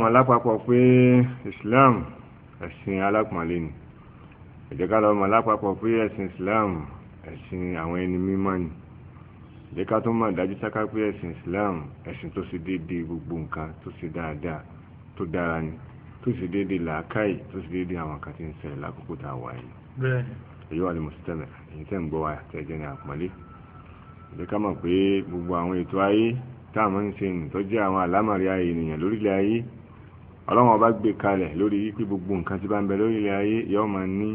mọ̀ lápapọ̀ pé Islam ẹ̀sìn alápọ̀nlé ni ẹ jẹ́ ká lọ mọ̀ lápapọ̀ pé ẹ̀sìn Islam ẹ̀sìn àwọn ẹni mímọ́ ni ẹ jẹ́ ká tó mọ̀ dájú sáká pé ẹ̀sìn Islam ẹ̀sìn tó ṣe déédéé gbogbo nǹkan tó ṣe dáadáa tó dára ni tó ṣe déédéé làákàyè tó ṣe déédéé àwọn kan tí ń ṣẹlẹ̀ lákòókò tá a wà yìí èyí wà ní mùsùlùmí èyí tẹ́ ń gbọ́ wa tẹ́jẹ́ ní àpọ́nlé ẹ jẹ́ ká mọ̀ pé gbogbo àwọn ètò ayé táwọn ń ṣe nì tó jẹ́ àwọn àlámọ̀rí ayé ènìyàn lórílẹ̀ ayé ọlọ́run bá gbé kalẹ̀ lórí wípé gbogbo nǹkan tí bá ń bẹ lórí ilẹ̀ ayé yóò máa ní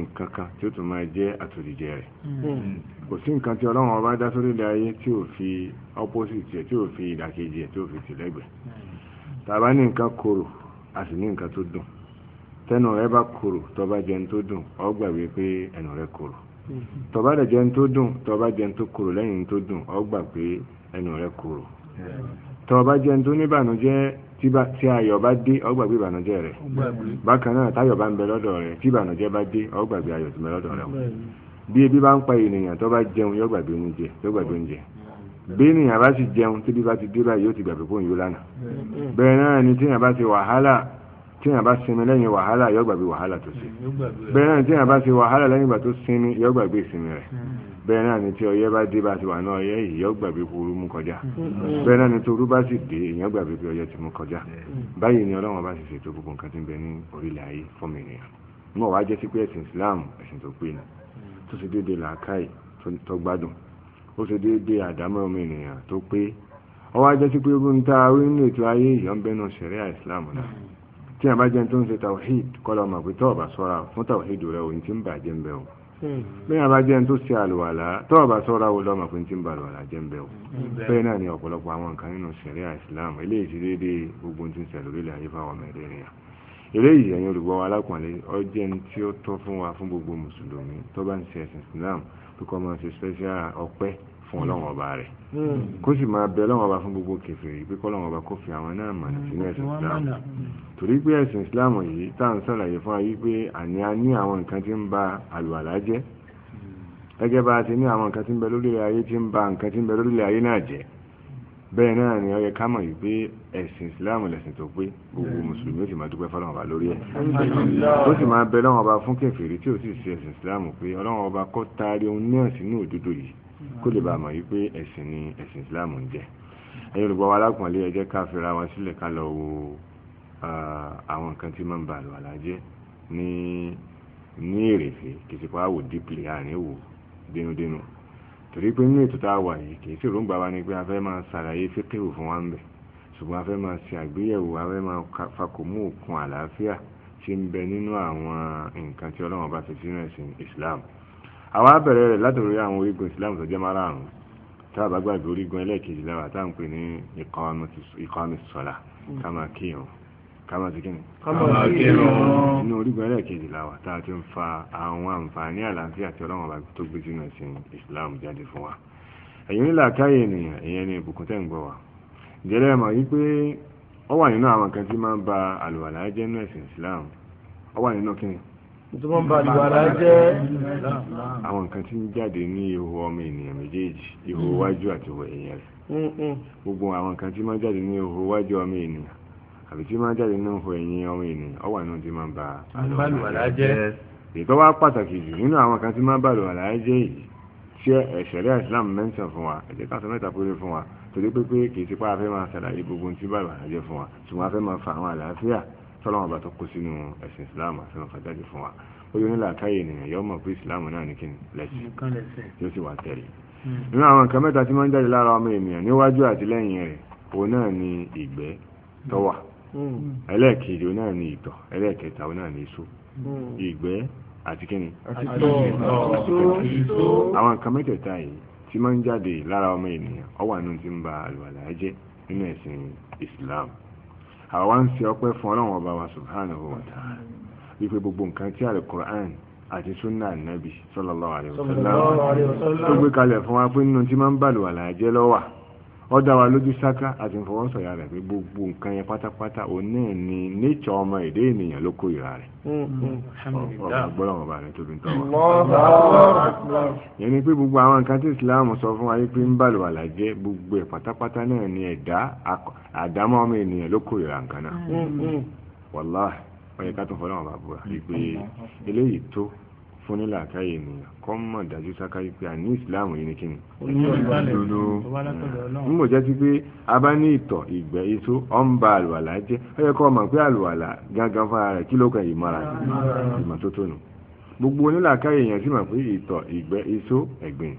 nǹkan kan tí ó tún máa jẹ́ àtòlìjẹ rẹ̀ hmm. kò sí nǹkan tí ọlọ́run bá dá sórí ilẹ̀ ayé tí ò fi opposite ẹ̀ tí ò fi ìdàkejì ẹ̀ tí ò fi tìlẹ́gbẹ̀ẹ́ hmm. tàbá ní nǹkan korò a sì ní nǹkan tó dùn tẹnu rẹ bá korò tọba jẹun tó dùn ọ wí pé ẹnu rẹ korò hmm. tọba dẹ̀ jẹun tó dùn tọba jẹun tó korò lẹ́yìn tó dùn ọ gbà pé ẹnu rẹ korò tọ́ bá jẹ́ tó ní ìbànújẹ́ tí ayọ̀ bá dé ó gbàgbé ìbànújẹ́ rẹ̀ bákan náà táyọ̀ bá ń bẹ lọ́dọ̀ rẹ̀ tí ìbànújẹ́ bá dé ó gbàgbé ayọ̀ tí ń bẹ lọ́dọ̀ rẹ̀ bí ebi bá ń pa ènìyàn tó bá jẹun yóò gbàgbé oúnjẹ yóò gbàgbé oúnjẹ bí ènìyàn bá sì jẹun tí bí bá ti dé báyìí yóò ti gbàgbé fóun yóò lánàá bẹ́ẹ̀ náà ni tí ènìyàn bá ti wàhálà tí yàn bá sinmi lẹ́yìn wàhálà yóò bí wàhálà tó ṣe bẹ́ẹ̀ náà tí bá wàhálà lẹ́yìn tó sinmi ìsinmi rẹ̀ hmm. bẹ́ẹ̀ náà ni tí ọyẹ́ bá dé bá ti wà náà ọyẹ́ yìí yóò gbàgbé kúrú mú kọjá hmm. bẹ́ẹ̀ náà ni torú bá sì dé èèyàn gbàgbé bí ọyẹ́ ti mú kọjá hmm. ni bá sì ṣètò gbogbo nǹkan ní orílẹ̀ ayé ènìyàn wá jẹ́ sí pé Islam pé ni tí a bá jẹ́ tó ń ṣe tawhid kọ́lọ̀ ọmọ pé tọ́ọ̀bà sọ́ra fún tawhid rẹ̀ òun ti ń bàjẹ́ ń bẹ̀ o hmm. bí a bá jẹ́ tó ṣe àlùwàlá tọ́ọ̀bà sọ́ra wo lọ́mọ pé ti ń ba àlùwàlá jẹ́ ń bẹ̀ o hmm. bẹ́ẹ̀ náà ni ọ̀pọ̀lọpọ̀ àwọn nǹkan nínú sẹ̀ríà Islam eléyìí ti déédéé gbogbo ti ń ṣẹlẹ̀ orílẹ̀ ayé fáwọn mẹ́rẹ̀ẹ̀rin yà eléyìí ẹ̀yin olùgbọ́ wa alákùnrin ọjẹ́ tí ó tọ́ fún wa fún gbogbo mùsùlùmí tó bá Islam tó kọ́ special ọpẹ́ fún ọlọ́run ọba rẹ̀ hmm. kó sì máa bẹ ọlọ́run ọba fún gbogbo kèfèrí pé kọ́lọ́run ọba kó fi àwọn náà mọ̀nà sínú ẹ̀sìn islam torí pé ẹ̀sìn islam yìí tá à ń sàlàyé fún ayé pé àní a ní àwọn nǹkan tí ń ba àlùwàlá jẹ́ gẹ́gẹ́ bá a ti ní àwọn nǹkan tí ń bẹ lórílẹ̀ ayé tí ń ba nǹkan tí ń bẹ lórílẹ̀ ayé náà jẹ́ bẹ́ẹ̀ náà ni ó yẹ ká mọ̀ yìí pé ẹ̀sìn ìsìláàmù lẹ̀sìn tó pé gbogbo mm. mùsùlùmí ó sì máa dúpẹ́ fọlọ́run ọba lórí ẹ̀ ó sì máa bẹ lọ́wọ́ ọba fún kèfèrí tí ó sì ṣe ẹ̀sìn ìsìláàmù pé ọlọ́run ọba kó taari òun náà sínú òdodo yìí kó lè bá a mọ̀ yìí pé ẹ̀sìn ni ẹ̀sìn ìsìláàmù ń jẹ́ ẹ̀yin olùgbọ́ wa alákùnrin ẹ jẹ́ ká fira wa sílẹ̀ ká lọ wo àwọn nǹkan tí máa ń ba àlùwàlá jẹ́ ní ní èrèfé kìsìpá wò dípìlì àárín wò dénúdénú torí pé nínú ètò tá a wà yìí kì í sì ròǹgbà wa ni pé a fẹ́ máa ṣàlàyé fíkìwù fún wa ń bẹ̀ ṣùgbọ́n a fẹ́ máa ṣe àgbéyẹ̀wò a fẹ́ máa fakòmú òkun àlàáfíà tí ń bẹ nínú àwọn nǹkan tí ọlọ́run bá fi sínú ẹ̀sìn Islam àwa bẹ̀rẹ̀ rẹ̀ látòrí àwọn orígun Islam tó jẹ́ márààrún tá a bá gbàgbé orígun ẹlẹ́ẹ̀kejì lára tá à ń pè ní ìkọ́ni sọ́lá ká máa kírun kama ti kíni. kama ti kíni. inú orígun ẹlẹ́ẹ̀kejì la wà tá a ti ń fa àwọn àǹfààní àlàáfíà àti ọlọ́run ọba tó gbé sínú ẹ̀sìn Islam jáde fún wa. ẹ̀yin nílà káyé ènìyàn ìyẹn ni ìbùkún tẹ̀ ń gbọ́ wa. ìjẹ́lẹ̀ mọ̀ yí pé ó wà nínú àwọn kan tí máa ń ba àlùwàlá jẹ́ nínú ẹ̀sìn Islam ó wà nínú kíni. tó máa ń ba àlùwàlá jẹ́. àwọn nǹkan tí ń jáde ní ihò ọmọ ènìyàn méjèèjì ihò iwájú àti ihò ẹ̀yìn gbogbo àwọn nǹkan tí máa ń jáde ní ihò iwájú ọmọ ènìyàn àbí tí máa jáde nínú fún ẹ̀yìn ọmọ ènìyàn ọwà náà ti máa ń ba àlùwàlá jẹ́ ètò wá pàtàkì jù nínú àwọn kan tí máa ń ba àlùwàlá jẹ́ yìí tí ẹ̀ṣẹ̀rẹ́ ìsìlámù mẹ́ńsàn fún wa ẹ̀jẹ̀ káṣọ mẹ́ta péré fún wa torí pé pé kì í tipa afẹ́ máa ṣàlàyé gbogbo tí àlùwàlá jẹ́ fún wa ṣùgbọ́n afẹ́ máa fa àwọn àlàáfíà tọ́lọ́wọ́n bá tó kó sínú ẹ̀sìn ìsìlámù àti ọ̀nà fàjáde fún wa ó yọ nílà káyè ènìyàn yọ mọ̀ pé ìsìlámù náà ní kí ni lẹ́sìn yóò sì wà tẹ̀lé hmm. nínú àwọn nǹkan mẹ́ta tí máa ń jáde lára ọmọ ènìyàn níwájú àti lẹ́yìn rẹ̀ òun náà ni ìgbẹ́ tọ́wà Hmm. ẹlẹ́ẹ̀kejì òun náà ni ìtọ̀ ẹlẹ́ẹ̀kẹta òun náà ni hmm. ìgbẹ́ àti kíni àwọn nǹkan mẹ́tẹ̀ẹ̀ta yìí tí máa ń jáde lára ọmọ ènìyàn ó wà nínú tí ń ba àlùwàlà nínú ẹ̀sìn Islam àwa ń se ọpẹ́ fún Ọlọ́run ọba wa subhanahu wa ta'ala wípé gbogbo nǹkan tí alukur'an àti sunna nabi sallallahu tó gbé fún wa pé nínú tí máa ń ba ó dá wa lójú sáká àti ìfọwọ́sọ̀yà rẹ̀ pé gbogbo nǹkan yẹn pátápátá òun náà ni nature ọmọ èdè ènìyàn ló kó ìra rẹ̀ ọba gbọ́dọ̀ wọn bá tóbi ń tọ́wọ́. yẹn ni pé gbogbo àwọn nǹkan tí Islam sọ fún wa yìí pé ń bàlùwàlà jẹ́ gbogbo ẹ̀ pátápátá náà ni ẹ̀dá àdámọ́ ọmọ ènìyàn ló kó ìra nǹkan náà mm, mm. wàláhì ó ká tún fọlọ́wọ́n bá búra pé fún nílà àkáyè ènìyàn kọ́ mọ̀ dájú sáká yìí pé àní ìsìláàmù yìí ni kí ni. olùdó ń bọ̀ jẹ́ sí pé a bá ní ìtọ̀ ìgbẹ́ iṣu ọ̀ ń ba àlùwàlà jẹ́ ó yẹ kó mọ̀ pé àlùwàlà gángan fúnra rẹ̀ kí ló kan ìmọ̀ra ìmọ̀tótó nù gbogbo nílà àkáyè èèyàn sì mọ̀ pé ìtọ̀ ìgbẹ́ iṣu ẹ̀gbìn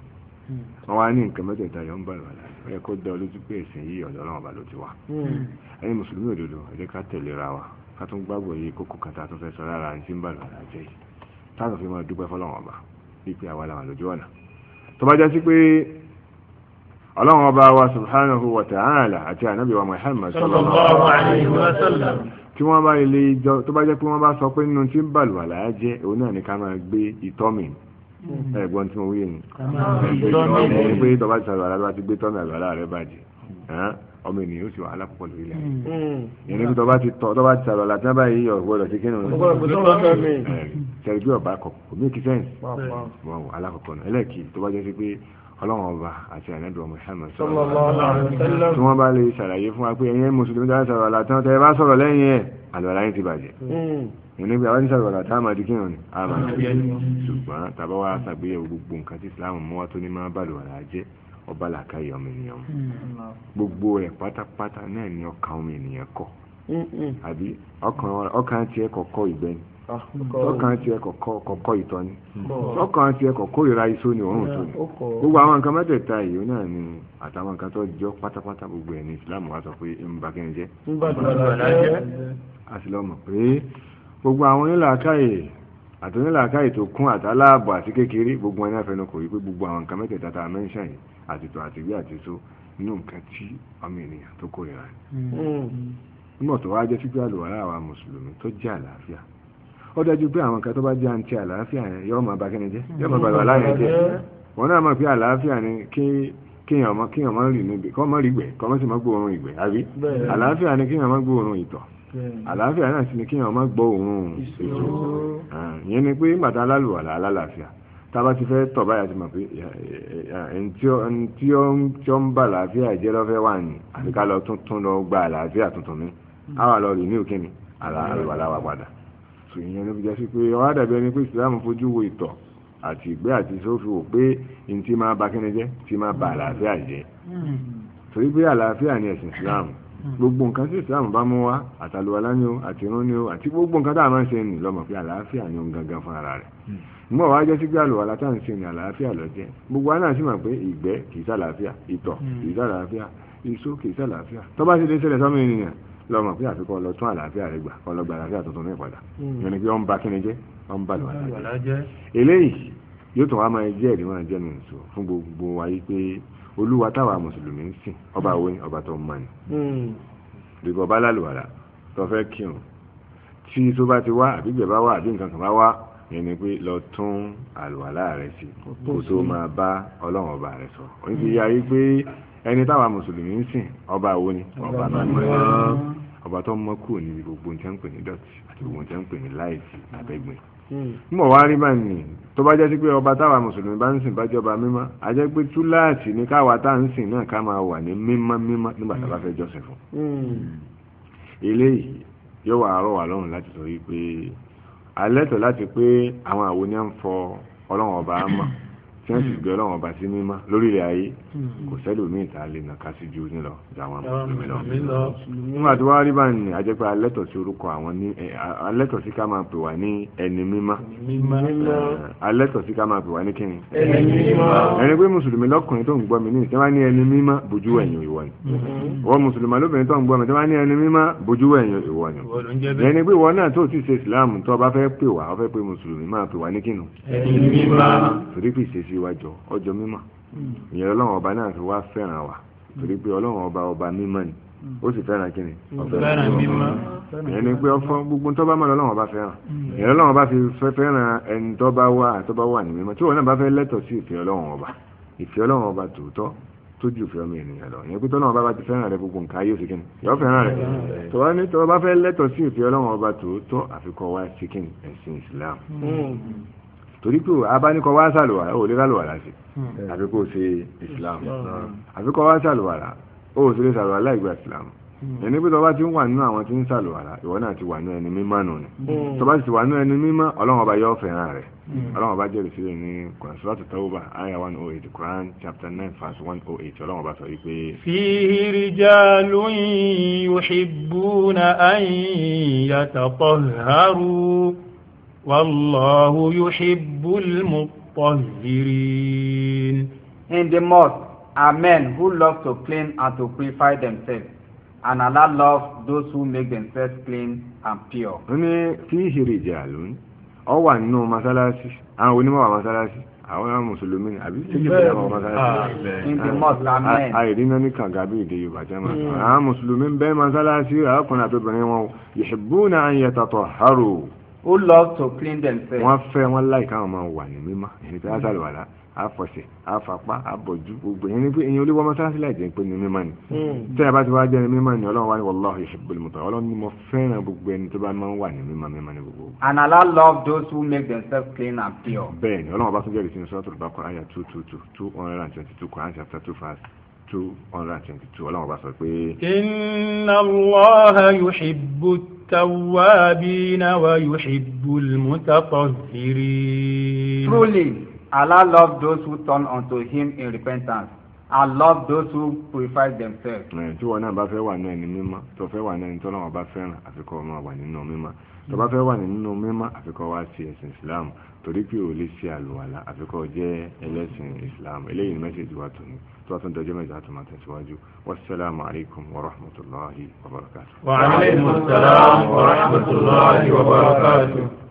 hmm. wọn wá ní nǹkan mẹ́tẹ̀ẹ̀ta yọ̀ ń bá àlùwàlà ó yẹ kó dá olójú pé ẹ̀sìn yìí ọ̀dọ̀ ọlọ́run ọba ló ti wà hmm. ẹ̀yin mùsùlùmí òdodo ẹ ká tẹ̀lé ra wa ká tún gbàgbọ́ yìí kókó kan tá fẹ́ sọ lára ẹni tí ń bá àlùwàlà jẹ́ yìí táwọn fi máa dúpẹ́ fọlọ́wọ́n ọba wípé àwa làwọn lójú ọ̀nà tó bá jásí pé ọlọ́run ọba wa subhanahu wa ta'ala àti ànábì wa muhammad sallallahu alayhi wa sallam tí wọ́n bá ilé ìjọ tó bá jẹ́ pé wọ́n bá sọ pé nínú tí ń bàlùwà láyá jẹ́ òun náà ní ká máa gbé ìtọ́mì ẹ̀gbọ́n tí mo wí ni ẹ̀gbẹ́ ìtọ́mì ẹni pé tọ́ba ti sàlùwà ti gbé tọ́mì àlùwà rẹ bàjẹ́ ọmọ ènìyàn ó sì wà alápọ̀ lórí ilẹ̀ yẹn níbi tọ́ba ti tọ́ tọ́ba ti sàlọ̀ làtàn báyìí yọ gbọ́dọ̀ sí kí ni sẹ́rí bí ọba kọ̀ kò mí kí sẹ́ǹsì wọ́n wọ alákọ̀ọ́kọ́ náà ẹlẹ́ẹ̀kì tọ́ba jẹ́ sí pé ọlọ́run ọba àti ànádùn ọmọ Muhammad tí wọ́n bá lè ṣàlàyé fún wa pé ẹ̀yin mùsùlùmí dáhùn sàlọ̀ làtàn tẹ́ ẹ bá sọ̀rọ̀ lẹ́yìn ẹ̀ àlọ́ láyé ti bàjẹ́ ìní hmm. pé àwọn ìṣàlọ̀ ọ̀la táwọn àti kíran ni a máa ń hmm. ṣùgbọ́n tàbá wa ṣàgbéyẹ̀wò gbogbo nǹkan tí Islam mú wa tó ní máa bàlùwàlà jẹ́ ọba làkàyè ọmọ ènìyàn mm-hmm. gbogbo rẹ̀ pátápátá náà ni ọkàn ọmọ ènìyàn kọ mm-hmm. àbí ọkàn tiẹ̀ kọ̀kọ́ ìgbẹ́ ni ah, ọkàn tiẹ̀ kọ̀kọ́ ìtọ̀ ni ọkàn tiẹ̀ kọ̀kọ́ ìra iṣó ni òórùn tó ni gbogbo àwọn nǹkan mẹ́tẹ̀ẹ̀ta yìí náà ni àtàwọn nǹkan tó jọ pátápátá gbogbo ẹ̀ ní ìsìlámù wa sọ pé ń ba kí n jẹ́ a sì lọ mọ̀ pé gbogbo àwọn onílàákàyè àti onílàákàyè tó kún àtàláàbọ̀ àti kékeré gbogbo ẹ̀ náà fẹnu pé gbogbo àwọn nǹkan mẹ́tẹ̀ẹ̀ta tá a mẹ́ńṣàn yìí àtìtò àtìgbé àtìtò inú nǹkan tí ọmọ ènìyàn tó kórìíra rẹ̀ mm. nígbà tó wá jẹ́ sípé àlùwàlá àwa mùsùlùmí tó jẹ́ àlàáfíà ó dájú pé àwọn kan tó bá jẹ́ àǹtí àlàáfíà yẹn yọ́ máa bà kẹ́ni jẹ́ mm. yọ́ máa bà àlùwàlá yẹn jẹ́ mm. wọn náà mọ̀ pé àlàáfíà ni kí kéèyàn mọ kéèyàn mọ rìn níbi kọ́ mọ́ rí gbẹ̀ kọ́ mọ́ sì mọ́ gbóòórùn ìgbẹ́ àbí àlàáfíà ni kéèyàn mọ́ gbóòórùn ìtọ̀ àlàáfíà náà sì ni kéèyàn mọ́ gbọ́ òórùn ah, ìyẹn ni pé bàtà tába ti fẹ́ tọ̀ báyà ti mọ̀ pé tí ó ń bá àlàáfíà jẹ́ lọ́fẹ́ wà ní àfi ká lọ tuntun lọ gba àlàáfíà tuntun mi á wà lọ rí ní òkè mi àlàáwà padà sò ìyẹn ló fi jẹ́ sí pé ọ̀rá dàbí ẹni pé ìsìlámù fojú wo ìtọ̀ àti ìgbé àti sófin wò pé n ti máa ba kíni jẹ́ ti máa ba àlàáfíà jẹ́ hmm. torí pé àlàáfíà ni ẹ̀sìn ìsìlámù gbogbo nǹkan tí islam bá mú wá àtàlùwalá ni o àti irun ni o àti gbogbo nǹkan tá a máa ń ṣe ni lọ́mọ pé àlàáfíà ni òun gangan fún ara rẹ̀ mú hmm. ọ̀wá jẹ́ sí pé àlùwalá tá à ń ṣe ni àlàáfíà lọ́jẹ́ gbogbo wa náà sì mọ̀ pé ìgbẹ́ kì í sàlàáfíà ìtọ̀ hmm. kì í sàlàáfíà iṣó kì í sàlàáfíà tó bá ti lè ṣẹlẹ̀ sọ́mọ ènìyàn lọ́mọ pé àfikọ́ lọ tún àlàáfíà rẹ̀ gbà kọ́ àlàáfíà tuntun náà padà hmm. yẹn ni pé ó yóò tún wá máa jẹ́ ẹ̀rí máa jẹ́ nìṣó fún gbogbo wa yìí pé olúwa táwa mùsùlùmí ń sìn ọba wo ni ọba tó ń mani. dùgbò ọba lálùwàlà tó fẹ́ kírun tí tó bá ti wá àbí gbẹ̀ bá wá àbí nǹkan kan bá wá yẹn ni pé lọ tún àlùwàlà rẹ sí kó tó máa bá ọlọ́run ọba rẹ sọ. òun ti yá yìí pé ẹni táwa mùsùlùmí ń sìn ọba wo ọba tó ń mani ọba tó mọ́ kúrò níbi gbogbo nǹkan pè ní dọ̀tí àti gbogbo nǹkan pè ní láìsí àbẹ́gbìn hmm. mọ̀ wá rí bá nìyí tó bá jẹ́ sí pé ọba táwa mùsùlùmí bá ń sìn bá jọba mímọ́ a pé túláàsì ni káwa tá à ń sìn náà ká máa wà ní mímọ́ mímọ́ nígbà tá a bá fẹ́ jọ́sìn fún. Hmm. Hmm. eléyìí yóò wà àárọ̀ wà lọ́rùn láti sọ wípé alẹ́tọ̀ láti pé àwọn àwo ni à ń fọ ọlọ́run ọba á mọ̀ tí wọ́n sì hmm. gbé ọlọ́run ọba sí mímọ́ lórílẹ̀ ayé hmm. kò sẹ́lòmíì tá a lè nà ká sí ju ní lọ ju àwọn mùsùlùmí lọ. nígbà tí wọ́n rí bá ní àjẹpẹ́ alẹ́tọ̀ sí orúkọ àwọn ní alẹ́tọ̀ sí ká máa pè wá ní ẹni mímọ́ alẹ́tọ̀ sí ká máa pè wá ní kíni. ẹni mímọ́ ẹni pé mùsùlùmí lọ́kùnrin tó ń gbọ́ mi ní ìtẹ́ wá ní ẹni mímọ́ bójú ẹ̀yìn ìwọ ni. Hmm. wọ́n mùsùlùmí sí wa jọ ọjọ́ mímọ́ hmm. ìyẹn ọlọ́run ọba náà fi wá fẹ́ràn wa hmm. torí pé ọlọ́run ọba ọba mímọ́ ni hmm. ó sì fẹ́ràn kí ni ọ̀fẹ́ràn mímọ́ ìyẹn ni pé ọfọ gbogbo tó bá mọ̀ lọ́lọ́run ọba fẹ́ràn ìyẹn ọlọ́run ọba fi fẹ́ràn ẹni tó bá wà tó bá wà ní mímọ́ tí wọn náà bá fẹ́ lẹ́tọ̀ọ́ sí ìfẹ́ ọlọ́run ọba ìfẹ́ ọlọ́run ọba tòótọ́ tó ju fẹ́ ọmọ ènìyàn lọ ìyẹn pé tọ́lọ́wọ́n bá bá ti fẹ́ràn rẹ gbogbo nǹkan ayé òsì kìnnì yọ fẹ́ràn rẹ tọ́wọ́ ní tọ́wọ́ bá fẹ́ lẹ́tọ̀ọ́ sí ìfẹ́ ọlọ́wọ́n ọba tòótọ́ àfikọ́ wa sí ẹ̀sìn Islam torí pé abánikọ wá sàlùwàlà ó lè sàlùwàlà sí hmm. àfi kó ṣe islam hmm. àfi kó wá sàlùwàlà ó sì lè sàlùwàlà ìgbà islam hmm. ẹni pé tọba ti ń wà nínú àwọn tí ń sàlùwàlà ìwọ náà ti wà nínú ẹni mímọ́ nù ni tọba ti wà nínú ẹni mímọ́ ọlọ́run ọba yóò fẹ́ràn rẹ̀ ọlọ́run ọba jẹ́rìí sílẹ̀ ní Suratu Tawbah aya one oh eight Quran chapter nine verse one oh eight ọlọ́run ọba sọ yìí pé. fihi rijalun yuhibbuna an yatatahharu. والله يحب mutahhirin. In the mosque are men who love to clean and to purify themselves, and Allah loves those who make themselves clean and pure. Ó ní fihi rijalun, ó wà nínú masalasi, àwọn onímọ̀ wà masalasi àwọn mùsùlùmí àbí sílẹ̀ bẹ́ẹ̀ àwọn masalasi àìrínà ní kàga bí èdè yorùbá jẹ́ máa hmm. àwọn mùsùlùmí bẹ́ẹ̀ masalasi àwọn ọkùnrin àti obìnrin wọn yuhibbuna an yatataharu who love to clean themselves. wọ́n fẹ́ wọ́n láìka àwọn máa wà ní mímọ́ ẹni tí wọ́n sàlù wàlá àfọ̀sẹ̀ àfàpá àbọ̀jú gbogbo ẹni pé ẹni olúwọ́ mọ́sálásí láì jẹ́ pé ní mímọ́ ni. Hmm. tí a bá ti wá jẹ́ ní mímọ́ ni ọlọ́run wá ní wallahu yuhibbul mutahharin ọlọ́run ni mo fẹ́ràn gbogbo ẹni tó bá máa ń wà ní mímọ́ mímọ́ ní gbogbo. and Allah love those who make themselves clean and pure. bẹ́ẹ̀ ni bá tún jẹ́rìí sínú suratul Baqara àyà two two two two hundred and twenty two Quran chapter two verse two hundred and twenty two ọlọ́run bá sọ pé. inna Allah yuhibbu التوابين ويحب المتطهرين Truly, Allah loves those who turn unto Him in repentance. I love those who purify themselves. Tí wọn náà bá fẹ́ wà náà ní mímọ́, tó fẹ́ wà náà ní tọ́lọ́wọ́ bá fẹ́ràn àfikún ọmọ wà nínú mímọ́ tó bá fẹ́ wà nínú mímọ́ àfikọ́ wá sí ẹ̀sìn islam torí pé ò lè ṣe àlùwàlà àfikọ́ jẹ́ ẹlẹ́sìn islam eléyìí ni mẹ́sẹ̀jì wa tó ní tó bá tún dọjọ́ mẹ́jọ àti máa tẹ̀síwájú wassalamu alaikum wa rahmatullahi wa barakatuh. wa alaikum salam